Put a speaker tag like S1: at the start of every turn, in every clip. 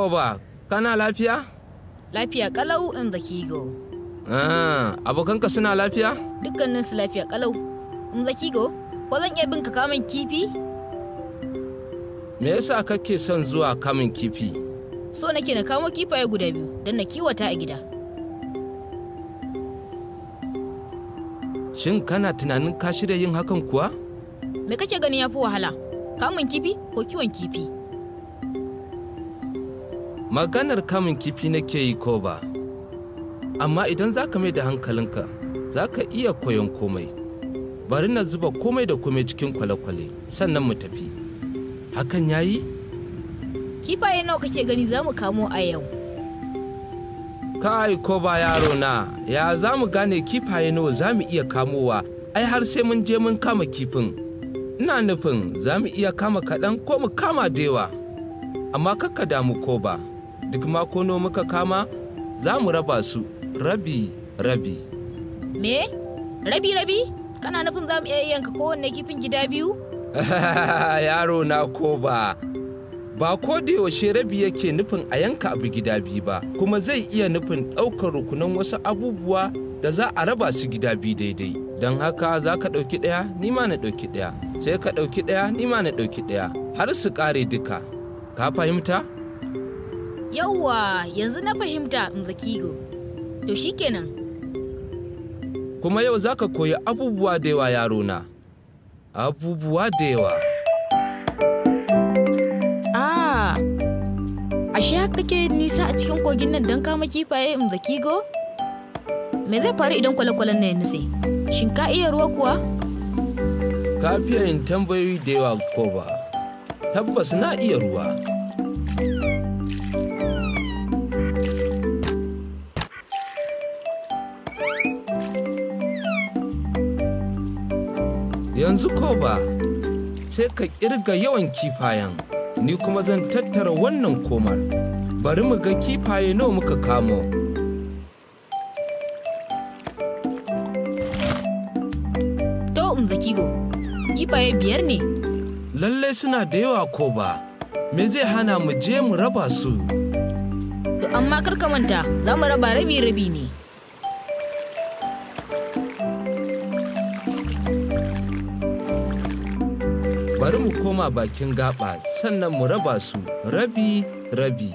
S1: Koba, kana lafiya?
S2: Lafiya kalau in kigo.
S1: Ah, abokanka suna lafiya?
S2: Dukkanin su lafiya kalau. In kigo, ko zan iya bin ka kamun kifi?
S1: Me yasa kake son zuwa kamun kifi?
S2: So nake na kamo kifaye guda biyu don na kiwata a gida.
S1: Shin kana tunanin ka shirya yin hakan kuwa?
S2: Me kake gani yafi wahala? Kamun kifi ko kiwon kifi?
S1: maganar kamun kifi nake yi ko ba amma idan za ka mai da hankalinka za ka iya koyon komai bari na zuba komai da komai cikin kwale-kwale sannan mu tafi hakan ya yi
S2: kifaye nawa kake gani za mu kamo a yau
S1: kai ko ba yaro na ya za mu gane kifaye nawa za mu iya kamowa ai har sai mun je mun kama kifin ina nufin za mu iya kama kaɗan ko mu kama da yawa amma kakka damu ko ba duk makono muka kama za mu raba su rabi-rabi.
S2: Me? Rabi-rabi? Kana nufin za mu iya yanka kowanne kifin gida biyu?
S1: Yaro na ko ba. Ba ko da yaushe rabi yake nufin a yanka abu gida biyu ba, kuma zai iya nufin ɗaukar rukunan wasu abubuwa da za a raba su gida biyu daidai. Don haka za ka ɗauki ɗaya, ni ma na ɗauki ɗaya, sai ka ɗauki ɗaya, ni ma na ɗauki ɗaya, har su ƙare duka. Ka fahimta?
S2: Yawwa yanzu na fahimta Mzakigo. To shikenan.
S1: Kuma yau za ka koyi abubuwa da yawa yarona. Abubuwa da yawa.
S2: ashe haka kake nisa a cikin kogin nan don kama kifaye Mzakigo? Me zai faru idan kwale-kwalen na ya nutse? Shin ka iya ruwa kuwa?
S1: Ka fiye yin tambayoyi da yawa ko ba. Tabbas na iya ruwa. yanzu ko ba sai ka ƙirga yawan kifayen ni kuma zan tattara wannan komar bari mu ga kifaye nawa muka kamo
S2: to umzakigo kifaye biyar ne
S1: lallai suna da yawa ko ba me zai hana mu je mu raba su
S2: to amma kar ka manta za mu raba rabi rabi ne
S1: bari mu koma bakin gaba sannan mu raba su rabi-rabi.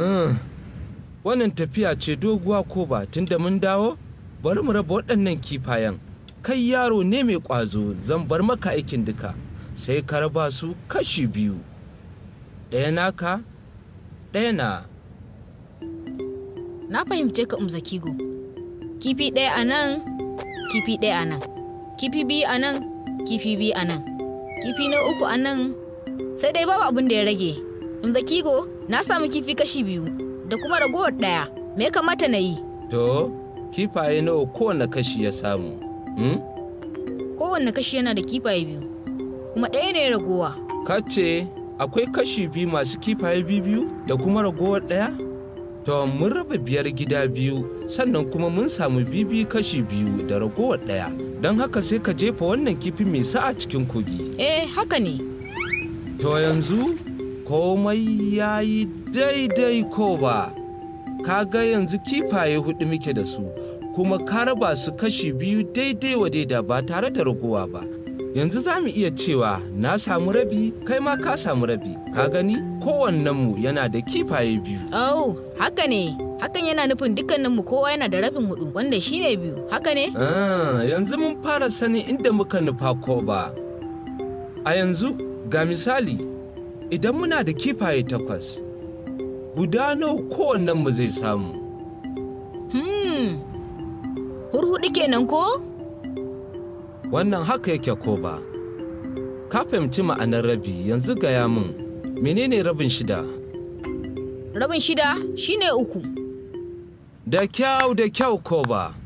S1: Hmm, wannan tafiya ce doguwa ko ba tunda mun dawo? Bari mu raba waɗannan kifayen. Kai yaro ne mai ƙwazo zan bar maka aikin duka, sai ka raba su kashi biyu. Ɗaya naka, ɗaya na.
S2: Na fahimce ka umzakigo. kifi ɗaya a nan kifi ɗaya a nan kifi biyu a nan kifi biyu a nan kifi na uku a nan sai dai babu abin da ya rage in kigo na samu kifi kashi biyu da kuma ragowar ɗaya me kamata na yi
S1: to kifaye nawa kowane kashi ya samu hmm?
S2: kowane kashi yana da kifaye biyu kuma ɗaya ne ragowa
S1: kace akwai kashi biyu masu kifaye biyu da kuma ragowar ɗaya to mun raba biyar gida biyu sannan kuma mun samu bibi kashi biyu da ragowar ɗaya don haka sai ka jefa wannan kifi mai sa'a cikin kogi eh haka ne to yanzu komai ya yi daidai ko ba ka ga yanzu kifaye hudu muke da su kuma ka raba su kashi biyu daidai wa daida ba tare da raguwa ba yanzu za mu iya cewa na samu rabi kai ma ka samu rabi ka gani kowannenmu yana da kifaye biyu
S2: oh haka ne hakan yana nufin dukkaninmu kowa yana da rabin hudu wanda shi ne biyu haka ne ah,
S1: yanzu mun fara sanin inda muka nufa ko ba a yanzu ga misali idan muna da kifaye takwas guda nawa kowannenmu zai samu
S2: hmm hurhudu kenan ko
S1: wannan haka yake ko ba ka fahimci ma'anar rabi yanzu gaya min menene rabin shida
S2: rabin shida shine uku
S1: da kyau da kyau ko ba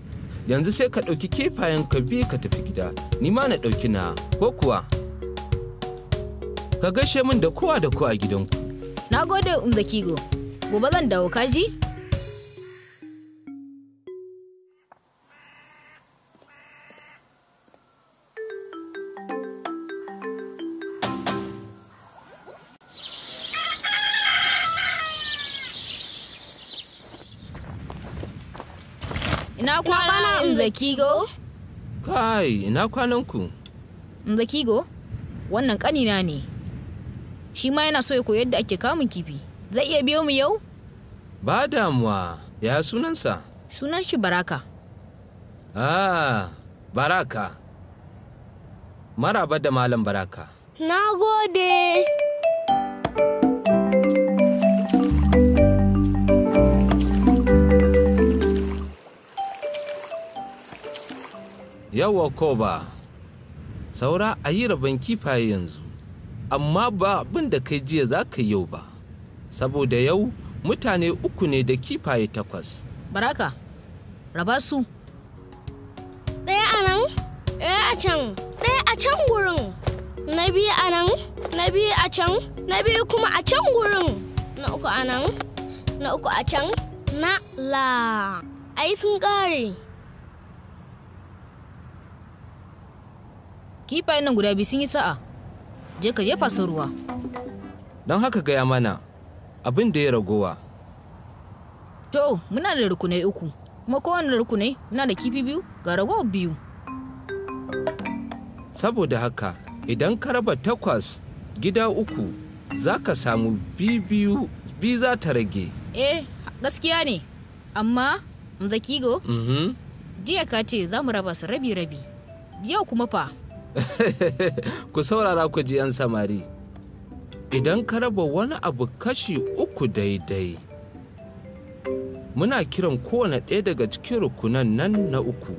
S1: yanzu sai ka ɗauki kifayen ka bi ka tafi gida ni ma na ɗauki na ko kuwa ka gashe min da kowa da kowa a gidanku
S2: na gode da kigo gobe zan dawo kaji mzakigo.
S1: Kai, ina kwananku.
S2: mzakigo wannan kanina ne. Shi ma yana so ya koyar da ake kamun kifi. Zai iya biyo mu yau?
S1: Ba damuwa, ya sunansa?
S2: Sunan shi Baraka.
S1: Ah, Baraka. Maraba da Malam Baraka.
S2: Na gode.
S1: yawa ko ba saura a yi rabon kifaye yanzu amma ba abin da kai jiya za ka yau ba saboda yau mutane uku ne da kifaye takwas
S2: baraka raba su
S3: ɗaya a nan ɗaya a can ɗaya a can gurin na biyu a nan na biyu a can na biyu kuma a can gurin na uku a nan na uku a can na la ai sun ƙare
S2: kifayen nan guda biyu sun yi sa'a je ka jefa su ruwa
S1: don haka gaya mana abin da ya ragowa
S2: to muna da rukunai uku kuma kowane rukunai muna da kifi biyu ga ragowa biyu
S1: saboda haka idan ka raba takwas gida uku za ka samu biyu bi za ta rage
S2: eh gaskiya ne amma mzakigo mhm. jiya ka ce za mu raba su rabi-rabi yau kuma fa
S1: ku saurara ku ji 'yan samari idan ka raba wani abu kashi uku daidai muna kiran kowane ɗaya daga cikin rukunan nan na uku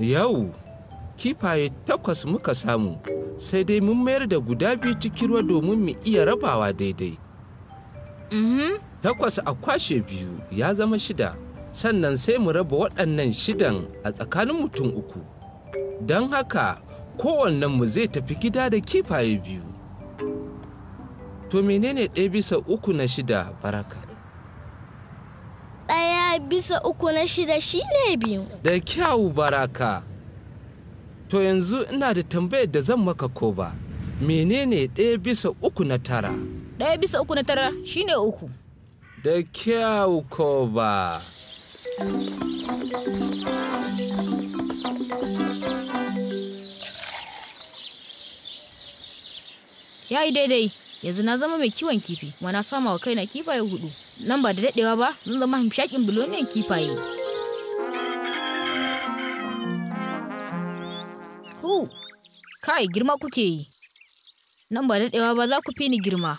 S1: yau kifaye takwas muka samu sai dai mun mayar da guda biyu cikin ruwa domin mu iya rabawa daidai mm-hmm. takwas a kwashe biyu ya zama shida sannan sai mu raba waɗannan shidan a tsakanin mutum uku don haka kowannenmu zai tafi gida da kifaye biyu to menene ɗaya bisa uku na shida baraka
S3: ɗaya bisa uku na shida shine biyu
S1: da kyawu baraka to yanzu ina da tambayar da zan maka ko ba menene ɗaya bisa uku na tara
S3: ɗaya
S2: bisa uku na tara shine uku
S1: da kyawu ko ba
S2: ya yi daidai yanzu na zama mai kiwon kifi kuma na sama wa kaina kifaye hudu nan ba da dadewa ba zan zama hamshakin biloniyan kifaye hu kai girma kuke yi nan ba da dadewa ba za ku fi ni girma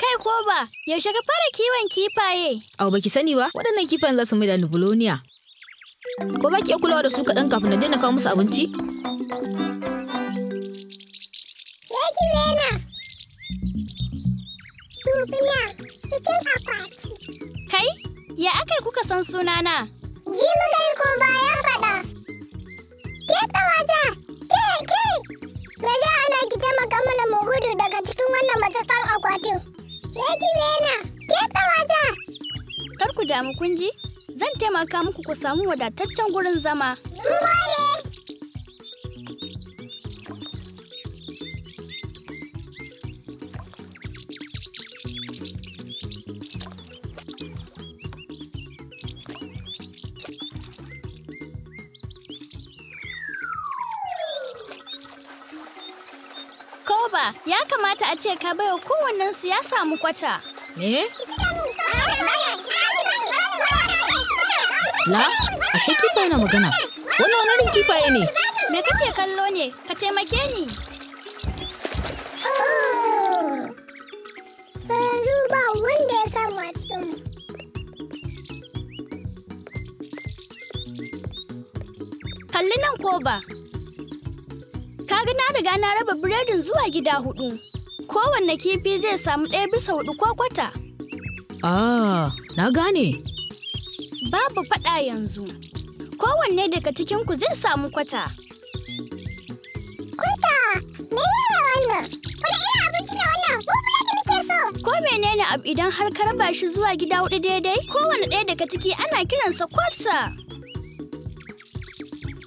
S3: kai ko ba yaushe ka fara kiwon kifaye
S2: au baki sani ba waɗannan kifayen za su mai da ni biloniya ko za ki iya kulawa da su kaɗan kafin na daina kawo musu abinci
S3: Sirena. Dubna cikin akwati. Kai, ya aka kuka san sunana? Ji muka yi ko bayan faɗa. Ke tsawaja, ke ke. Raja ana gida taimaka mana mu gudu daga cikin wannan matsatsan akwatin. Reji Rena, ke tsawaja. Kar ku damu kun ji, zan taimaka muku ku samu wadataccen gurin zama. Dubai! Koba, ya kamata a ce ka baiwa kowannen su ya samu kwata. Me?
S2: La, ashe kifa yana magana. Wani wani kifaye ne.
S3: Me kake kallo ne? Ka taimake ni. Yanzu ba wanda ya samu a Kalli nan ko ba, ga na riga na raba biredin zuwa gida hudu. Kowanne kifi zai samu ɗaya bisa hudu ko kwata.
S2: Ah, na gane.
S3: Babu faɗa yanzu. Kowanne daga cikin ku zai samu kwata. Kwata, menene wannan? Wani ina abinci na wannan? Ko biredi muke so? Ko menene abu idan har ka raba shi zuwa gida hudu daidai? Kowanne ɗaya daga ciki ana kiransa kwatsa.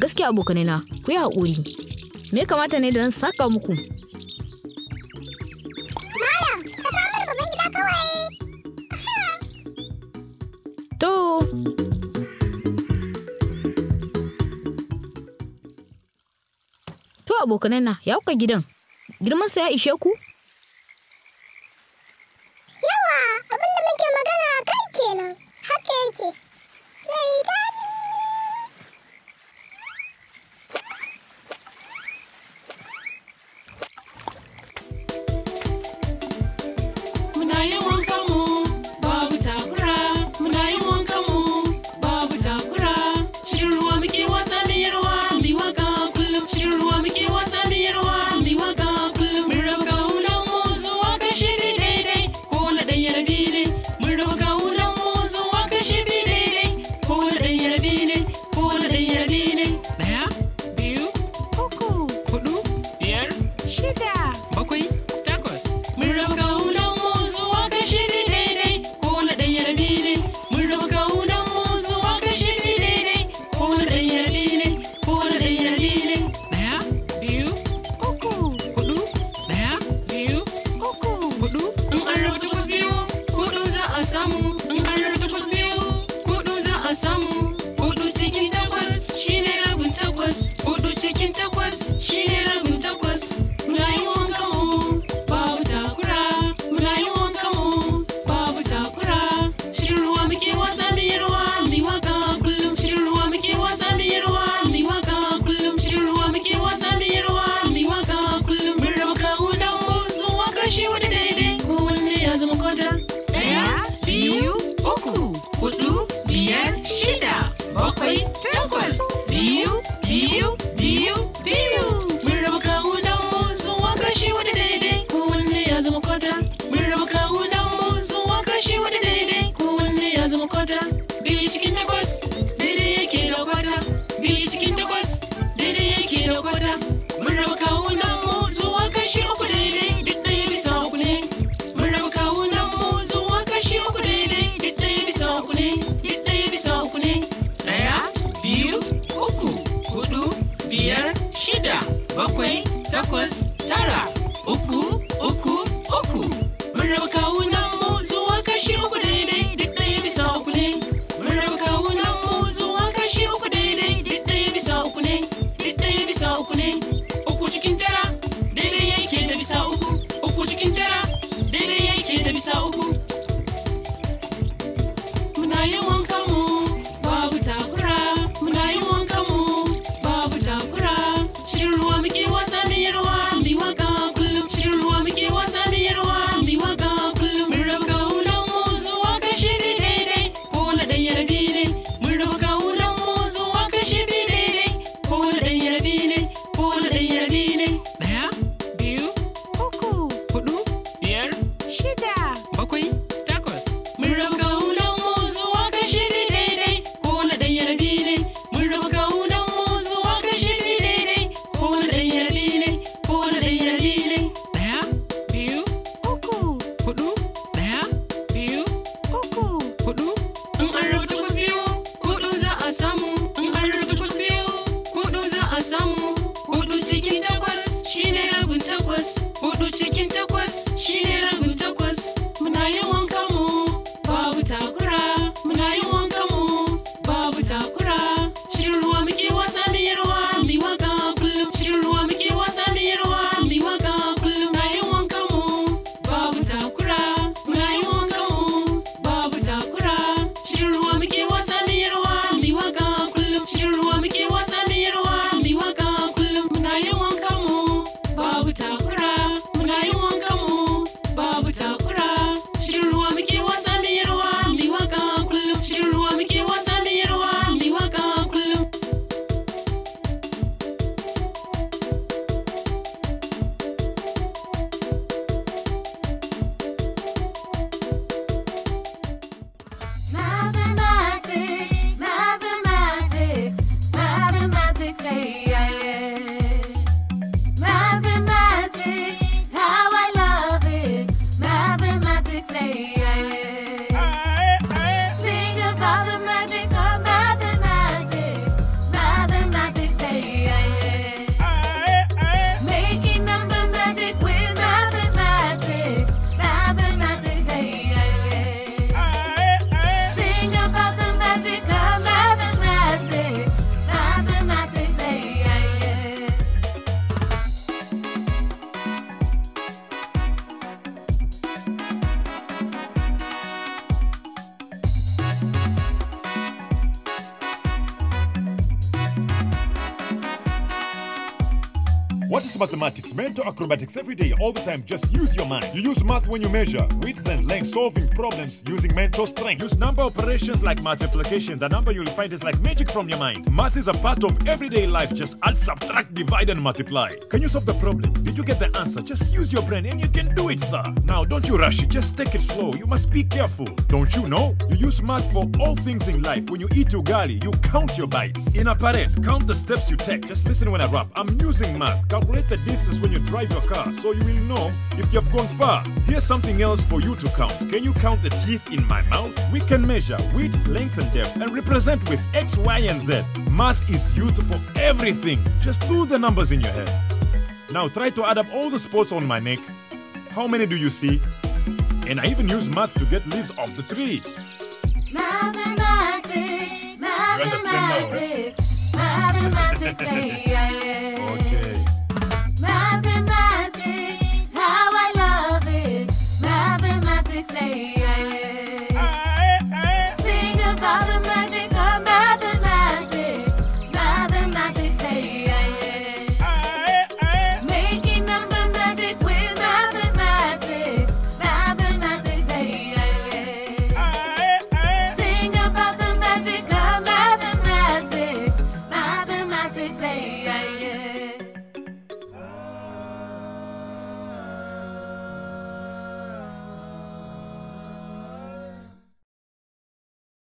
S2: gaskiya abokan na ku yi haƙuri me kamata ne da nan saka muku malam na ya kuka gidan girmansa ya ishe ku
S4: takwas tara hudu daya biyu uku hudu in an rubuta biyu hudu za a samu in an rubuta biyu hudu za a samu
S5: mathematics, mental acrobatics every day, all the time. Just use your mind. You use math when you measure, width and length, solving problems using mental strength. Use number operations like multiplication. The number you'll find is like magic from your mind. Math is a part of everyday life. Just add, subtract, divide, and multiply. Can you solve the problem? Did you get the answer? Just use your brain and you can do it, sir. Now, don't you rush it. Just take it slow. You must be careful. Don't you know? You use math for all things in life. When you eat ugali, you count your bites. In a parade, count the steps you take. Just listen when I rap. I'm using math. Calculate the distance when you drive your car so you will know if you have gone far. Here's something else for you to count. Can you count the teeth in my mouth? We can measure width, length and depth and represent with X, Y and Z. Math is used for everything. Just do the numbers in your head. Now try to add up all the spots on my neck. How many do you see? And I even use math to get leaves off the tree.
S6: Mathematics, mathematics, mathematics, yeah, yeah. Okay.